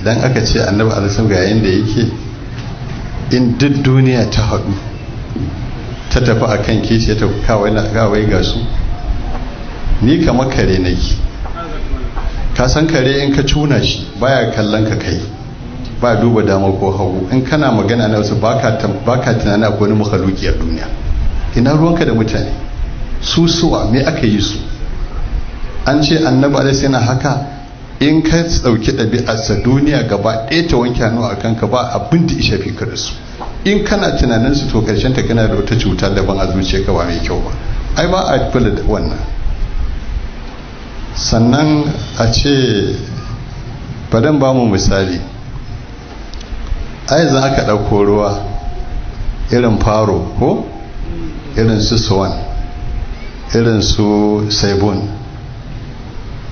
idan aka ce annabi alisun ga yadda yake in duk duniya ta haɗu ta tafi a kan kishi ta kawai ga su ni kama kare nake ka san kare in ka cuna shi baya kallon ka kai ba duba dama ko hagu in kana magana na wasu baka tunani akwai wani a duniya ina ruwanka da mutane su me aka yi su an ce annabi alisun yana haka in ka ɗauki sa duniya gaba ɗaya ta wanke hannu a kanka ba abin da isha fi da su in kana tunanin su to karshen ta kana da wata cuta daban a zuciya ka ba mai kyau ba ai ba a kula da wannan sannan a ce badan ba mu misali ai zan aka ɗauko ruwa irin faro ko irin su swan irin su saibon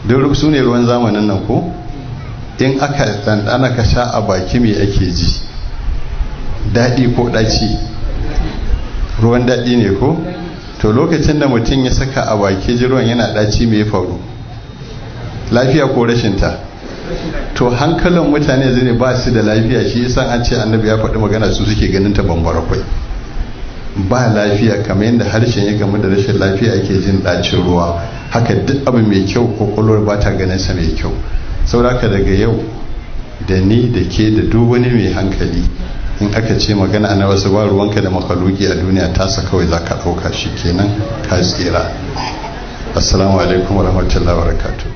don su ne ruwan zamanin nan ko in aka ɗanɗana ka sha a baki mai ake ji daɗi ko ɗaci ruwan daɗi ne ko to lokacin da mutum ya saka a baki ji ruwan yana ɗaci mai faru lafiya ko rashinta to hankalin mutane zai ba su da lafiya shi yasa an ce annabi ya faɗi magana su suke ganin ta bambara kwai ba lafiya kamar yadda harshen ya gamu da rashin lafiya ake jin ɗacin ruwa haka duk abu mai kyau kwakwalwar ba ta ganin sa mai kyau sauraka daga yau da ni da ke da duk wani mai hankali in aka ce magana na wasu ba ruwanka da makaluki a duniya ta sa kawai za ka ɗauka shi kenan ka tsira assalamu alaikum wa